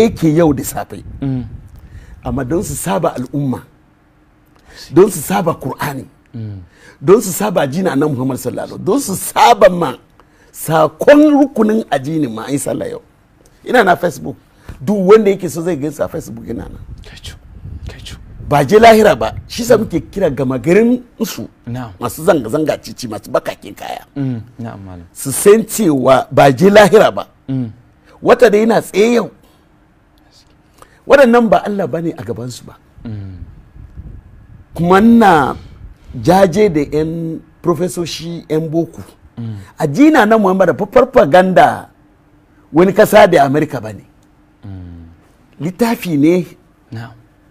yake yau da safe amma don su saba al'umma don su saba kur'ani don su saba jina na muhammad sallallahu don su saba ma sakon rukunin ajini ma an sallah yau ina na facebook duk wanda yake so zai gaisa facebook ina nan ba je lahira ba shi sa muke kira gama garin su masu zanga-zanga cici masu bakakin kaya mm, su san cewa ba je lahira ba mm. wata da yana tsaye yau waɗannan ba Allah ba ne a gabansu ba kuma na jaje da 'yan profesoshi 'yan boko a jina na muhammad da farfaganda wani kasa da amerika ba ne littafi ne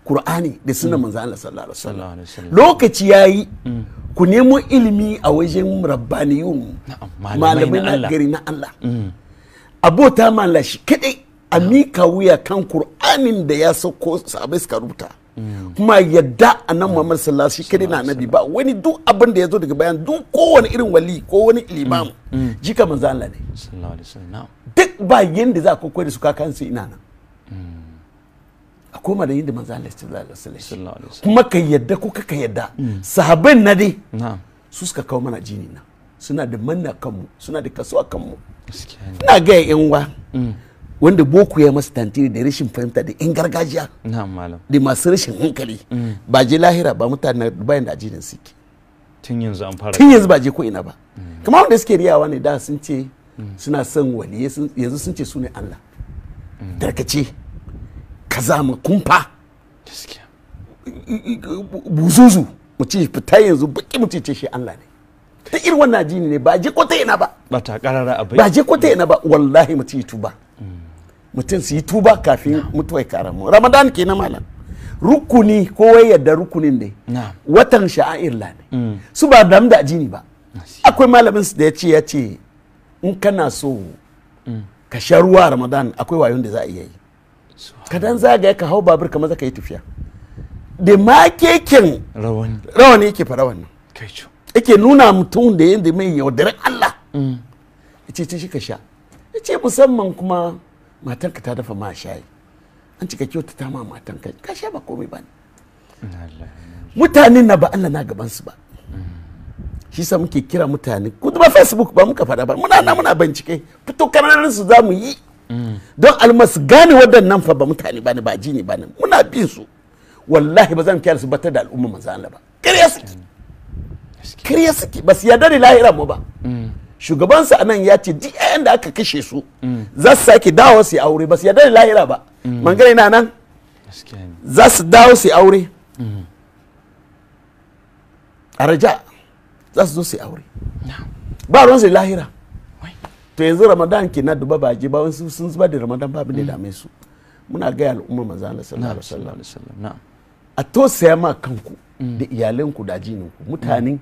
kur'ani da suna mm. manzo Allah sallallahu alaihi wasallam lokaci yayi mm. ku nemo ilimi a wajen rabbaniyun malamai na gari na Allah mm. abota malashi shi kadai a mika wuya kan kur'anin da ya sauko sahabai suka rubuta kuma yadda a nan mamar sallah shi kadai na nabi ba wani duk abin da ya zo daga bayan duk kowane irin wali ko wani limam jika manzo Allah ne duk ba yanda za ka koyar da su kakan su ina nan a koma da yanda manzo Allah sallallahu alaihi wasallam kuma ka yadda ko ka yadda sahabban na dai su suka kawo mana jini na suna da manna kanmu suna da kaso kanmu ina ga yan wa mm. wanda boko ya masa tantiri da rashin fahimta da in gargajiya da masu rashin hankali mm. ba je lahira ba mutane dubai da ajiyar suke tun yanzu an fara tun yanzu ba je ko ina ba mm. kamar wanda suke riyawa ne da sun ce mm. suna son wani yanzu sun ce su ne Allah ka za mu kumfa buzuzu mu ce fita yanzu baki mu ce shi Allah ne ta irin wannan ajini ne ba je ko ta ina ba ba ta karara abai ba je ko ta ina ba wallahi mu ce tuba mutum su yi tuba kafin mutuwa ya karamu ramadan ke na malam rukuni wai yadda rukunin ne watan sha'air la ne mm. su ba dam da ajini ba akwai malamin su da ya ce ya ce in kana so mm. ka sha ruwa ramadan akwai wayon da za a iya yi ka dan zagaya ka hau babur kamar za ka yi tafiya da makekin keken rawani yake fara wannan yake nuna mutum da yadda mai yaudarar allah mm. ya ce ce shi ka sha ce musamman kuma matanka ta dafa ma shayi an cika ta ma matanka ka sha ba komai ba mutane na ba Allah na gaban su ba shi sa muke kira mutane kuma facebook ba muka faɗa ba muna na muna bincike fito kanarin su za mu yi don almas gane waɗannan fa ba mutane ba ne ba ji ne ba ne muna bin su wallahi ba zan kiyar su batar da al'umma manzo Allah ba kariya suke kariya suke ba su yarda da lahira mu ba mm. shugabansa anan ya ce duk yayan da aka kashe su za su sake dawo su aure ba su yadda lahira ba mangare na nan za su dawo su aure mm. a raja za su zo su aure ba ruwan su lahira to yanzu ramadan ke na dubba baje ba wasu sun zuba da ramadan ba abin da dame su muna gaya al'umma manzo Allah sallallahu alaihi a to saya ma kanku mm. da iyalanku da jininku mm. mutanen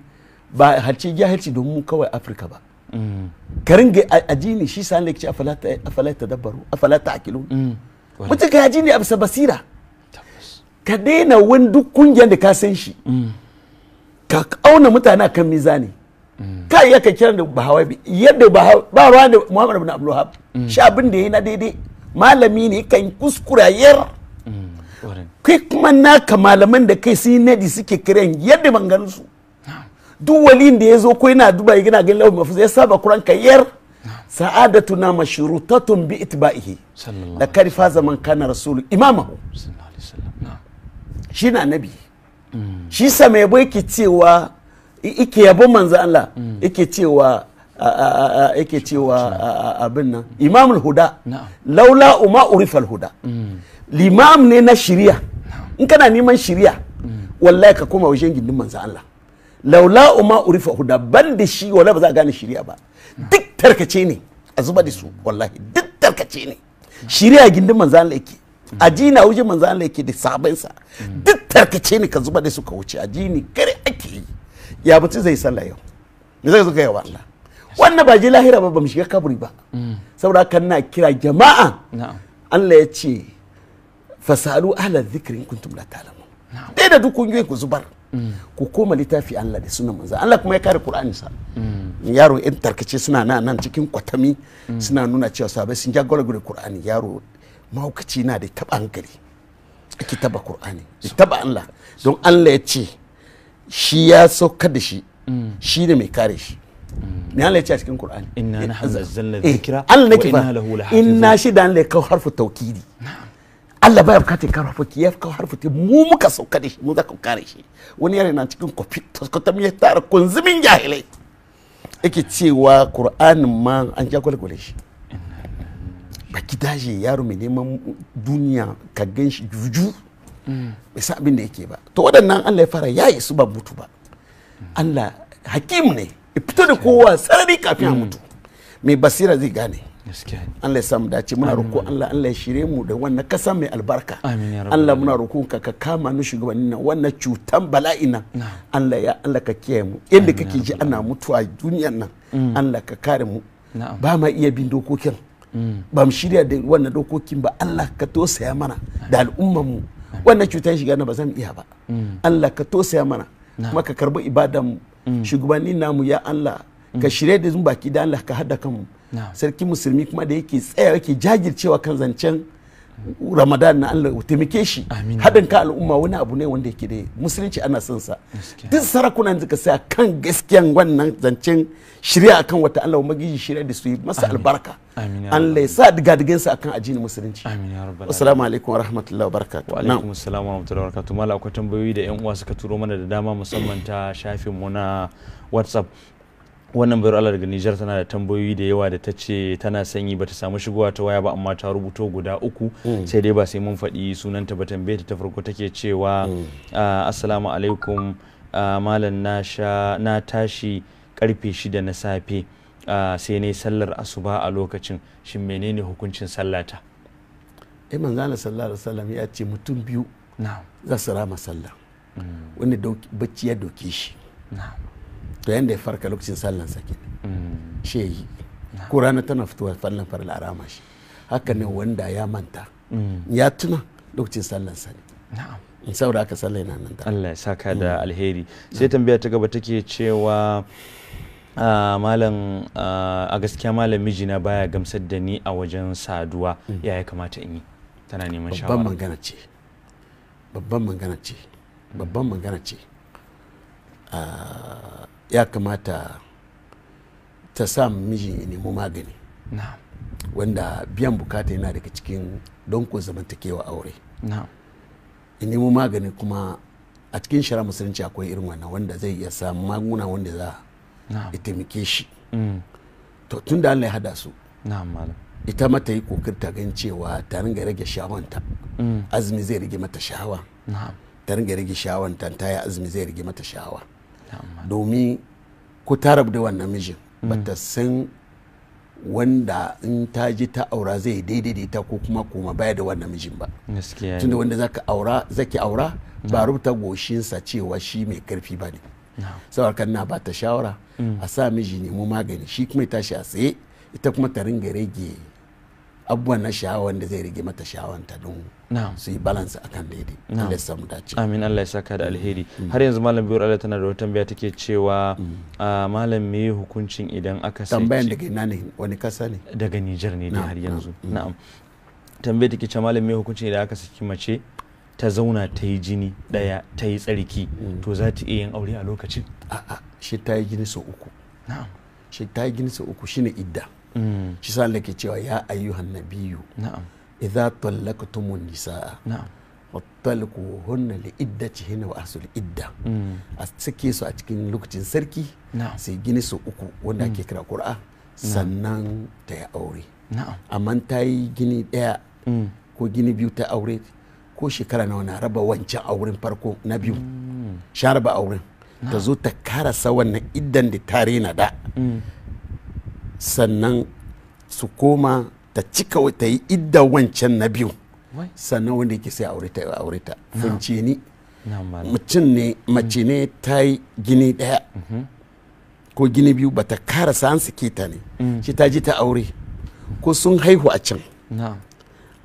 ba harci jahilci domin kawai afirka ba Mm. ka ringa ajini shi sa ne ce afala ta a afala ta akilu mm. mutum ka ajini a bisa basira ka daina wani duk kungiyar da ka san shi mm. ka auna mutane kan mizani ka iya ka kiran da bahawa yadda ba ruwa da muhammad bin abdulhab shi abin da ya na daidai malami ne kan kuskura yar kai kuma naka malaman da kai sun yi nadi suke kiran yadda ban su duk wani da ya zo ko yana duba yana ganin lawan mafi ya saba kuran kayyar sa'adatuna mashrutatun bi itba'ihi da karfa zaman kana rasul imama shi na nabi shi sa mai bai ke cewa ike yabo manzo Allah yake cewa yake cewa abin nan imamul huda laula uma urifal huda mm. limam ne na shiriya in kana neman shiriya mm. wallahi ka koma wajen gindin manzo Allah laula umma urifa huda ban da shi wala ba za a gane shari'a ba duk tarkace ne a zuba da su wallahi duk tarkace ne shari'a gindin manzo Allah a aji na wuce manzo Allah da sabon sa duk tarkace ne ka zuba da su ka wuce aji ne kare ake yi ya mutu zai salla yau me zai zo kai wa Allah wannan ba lahira ba bamu shiga kaburi ba saboda kan na kira jama'a Allah ya ce fasalu ahla dhikri kuntum la ta'lamun dai da duk ku zubar ku koma littafi Allah da sunan manzo Allah kuma ya kare Qur'ani sa yaro in tarkace suna nan nan cikin kwatami suna nuna cewa sabai sun ja gure Qur'ani yaro mahaukaci na da taba hankali ake taba Qur'ani da taba Allah don Allah ya ce shi ya sauka da shi shi ne mai kare shi me Allah ya ce a cikin Qur'ani inna nahnu nazzalna eh, dhikra Allah ne ke fa inna shi da Allah ya kawo harfu tawkidi Allah baya bukatar kara faki ya kawo harfi mu muka sauka da shi mu za ka kare shi wani yare na cikin kofi taskotam ya tara kunzumin jahilai yake cewa qur'anin ma an ja gwalgwale shi baki daji yaro mai neman duniya ka gan shi juju bai san abin da yake ba to waɗannan Allah ya fara yi su ba mutu ba Allah hakim ne fito da kowa sarari kafin a mutu mai basira zai gane Allah ya samu dace muna roƙo Allah Allah ya shire mu da wannan kasa mai albarka Allah muna roko ka ka kama nu shugabannin nan wannan cutan bala'i nan Allah ya Allah ka kiyaye mu inda kake ji ana mutuwa duniyar nan mm. Allah ka kare mu ba ma iya bin dokokin mm. ba mu shirya da wannan dokokin ba Allah ka tosaya mana da al'ummar mu wannan cutan shiga na ba zan iya ba mm. Allah ka tosaya mana kuma ka karbi ibadan mu shugabannin namu ya Allah ka shirye da zumbaki da Allah ka hada kanmu sarki musulmi kuma da yake tsaya yake jajircewa kan zancen ramadan na allah taimake shi haɗin ka al'umma wani abu ne wanda yake da musulunci ana son sa duk sarakunan da sai kan gaskiyan wannan zancen shirya akan wata allah magiji shirya da su yi masa albarka allah ya sa digan sa akan ajini musulunci assalamu alaikum wa wabarakatuh wa wa alaikum assalamu wa wabarakatuh mala akwai tambayoyi da yan uwa suka turo mana da dama musamman ta shafin mu na whatsapp wannan bayar Allah daga Nijar tana da tambayoyi da yawa da ta ce tana sanyi ba ta samu shigowa ta waya ba amma ta rubuto guda uku hmm. sai dai ba sai mun faɗi sunanta ba tambaye ta ta farko take cewa hmm. ah, assalamu alaikum ah, malam na tashi karfe shida na safe ah, sai ne sallar asuba a lokacin shin menene hukuncin sallata Eh manzala sallallahu alaihi wasallam ya ce mutum biyu za su rama sallah hmm. wanda bacci ya doke shi to yanda ya farka lokacin sallan sake mm. shi ya yi ko rana tana fitowa fallan farin arama shi haka ne wanda ya manta mm. ya tuna lokacin sallan eh, sake in saura aka sallan yana nan da Allah ya saka da mm. alheri sai tambaya ta gaba take cewa ah, malam ah, a gaskiya malam mijina baya gamsar da ni a wajen saduwa ya ya kamata in yi tana neman shawara babban magana ce babban magana ce babban magana ce ah, ya kamata ta sa miji ya nemo magani wanda biyan bukata yana daga cikin donkon zamantakewa aure ya nemo magani kuma a cikin shara musulunci akwai irin wannan wanda zai iya samu magunguna wanda za a taimake shi mm. to tun da Allah ya hada su ita mata yi ta gan cewa ta ringa rage shawanta mm. azumi zai rage mata shawa ta ringa rage shawanta ta yi azumi zai rage mata shawa domin ku tarab da wannan mijin bata san wanda in ta ji ta aura zai daidai da ita ko kuma koma baya da wannan mijin ba tunda wanda zaka aura zaki aura ba rubuta goshinsa cewa shi mai karfi ba ne saboda na bata shawara mm. a sa miji nemo magani shi kuma ya tashi a tsaye ita kuma ta ringa rage abubuwan na sha'awa wanda zai rage mata ta don su yi balance kan daidai Allah ya samu dace amin Allah ya saka da alheri mm. har yanzu malam biyar Allah tana da wata tambaya take cewa mm. ah, malam me hukuncin idan aka sai tambayan daga ina ne wani kasa ne daga Niger ne har yanzu mm. na'am tambaya take cewa malam me hukuncin idan aka saki mace ta zauna ta yi jini daya ta yi tsarki to za ta iya yin aure a lokacin a'a shi ta yi jini sau uku na'am shi ta yi jini sau uku shine idda Mm. shi sa lake cewa ya ayyuhan nabiyyu na'am idza tallaqtumun nisaa na'am hunna li hina wa asul idda mm. a sake su a cikin lokacin sarki sai gini su uku wanda ake mm. kira qur'a sannan ta yi aure amma ta yi gini daya ko gini biyu ta aure ko shekara nawa na raba wancan auren farko na biyu sha raba auren ta zo ta karasa wannan iddan da tare na da sannan su koma ta cika ta yi idda wancan na biyu sannan wanda yake sai aureta ya aureta funce ni mace ne mm-hmm. ta yi gini daya mm-hmm. ko gini biyu bata karasa an ke ta ne mm. shi ta ji ta aure ko sun haihu a can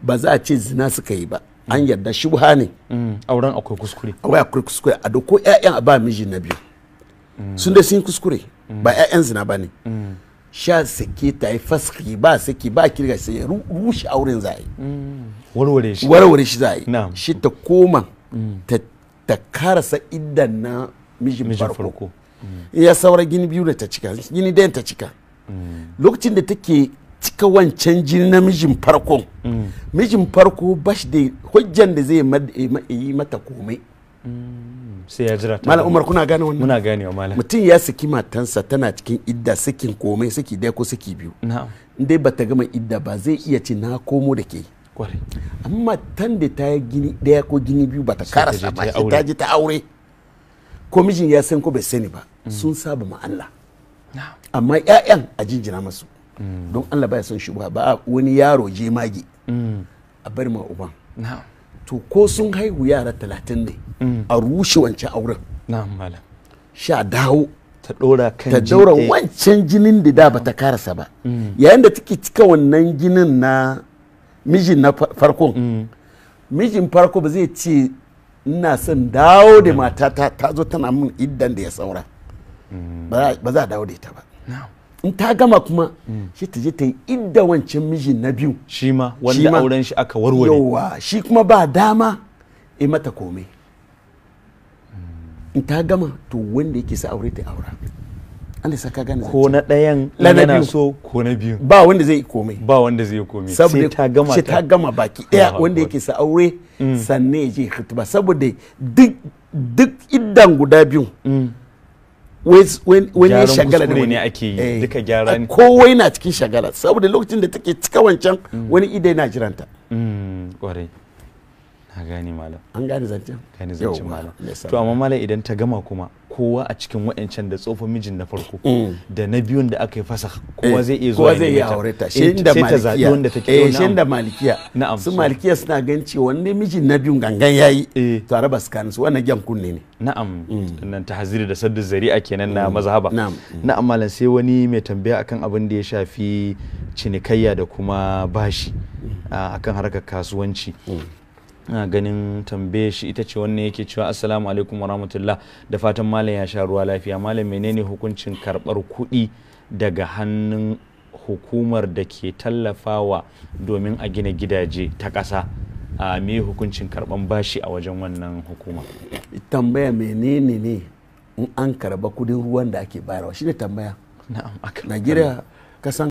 ba za a ce zina suka yi ba an mm. yarda shubha ne mm. auren akwai kuskure akwai akwai kuskure a doko 'ya'yan a ba miji na biyu sun da sun kuskure ba 'ya'yan zina ba ne sha sake ta yi faski ba saki ba kirga sai rushe auren zai warware shi warware shi zai shi ta koma mm. ta karasa idan na mijin farko mm. ya saura gini biyu da ta cika gini dayan ta cika mm. lokacin da take cika wancan jini na mijin farko mijin farko ba shi da hujjan da zai yi mata komai sai ya jira malam umar kuna gane wannan muna wa malam mutum ya saki matansa tana cikin idda sakin komai saki daya ko saki biyu na'am dai bata gama idda ba zai iya ci na komo da ke kwarai amma tan da ta yi gini daya ko gini biyu bata karasa ba ta ji ta aure ko mijin ya san ko bai sani ba mm. sun saba ma Allah amma ƴaƴan a jinjina masu mm. don Allah baya son a ba wani yaro je mage mm. a bari ma uban na'am to ko sun haihu yara talatin ne mm. a rushe wancan auren sha dawo ta ɗora kan wancan jinin da da bata karasa ba mm. yayin da take cika wannan jinin na mijin na farkon mm. mijin farko ba zai ce ina son dawo da matata ta zo tana min iddan da ya saura ba za a dawo da ita ba in ta gama kuma shi ta je ta yi inda wancan miji na biyu shi ma wanda auren shi aka warware yawa shi kuma ba dama e mata komai in ta gama to wanda yake sa aure ta aura an da saka gane ko na dayan yana so ko na biyu ba wanda zai komai ba wanda zai komai sai ta gama shi ta gama baki ɗaya wanda yake sa aure mm. sannan ya je khutba saboda duk duk iddan guda biyu mm. wani ya shagala da wani ake yi eh, duka gyara kowai na cikin shagala saboda lokacin da take cika wancan mm. wani idai na jiranta mm, a gane malam an gani zancen gani zancen malam to amma malam idan ta gama kuma kowa a cikin wa'ancan da tsofa mijin na farko mm. da na biyun da aka yi fasa kowa zai iya eh, zuwa zai iya ta eh, shi da malikiya wanda take eh, shi malikiya na'am su malikiya suna gan cewa wanda mijin na biyun gangan yayi to araba sakanin su wannan gyan kunne ne na'am mm. nan ta haziri da saddu zari'a kenan na mm. mazhaba na'am na'am malam sai wani mai tambaya akan abin da ya shafi cinikayya da kuma bashi akan harkar kasuwanci na ganin tambaye shi ita ce wannan yake cewa assalamu alaikum warahmatullah da fatan malam ya sha ruwa lafiya malam menene hukuncin karbar kuɗi daga hannun hukumar da ke tallafawa domin a gina gidaje ta ƙasa a me hukuncin karban bashi a wajen wannan hukuma tambaya menene ne in an karba kudin ruwan da ake bayarwa shi ne tambaya na kasan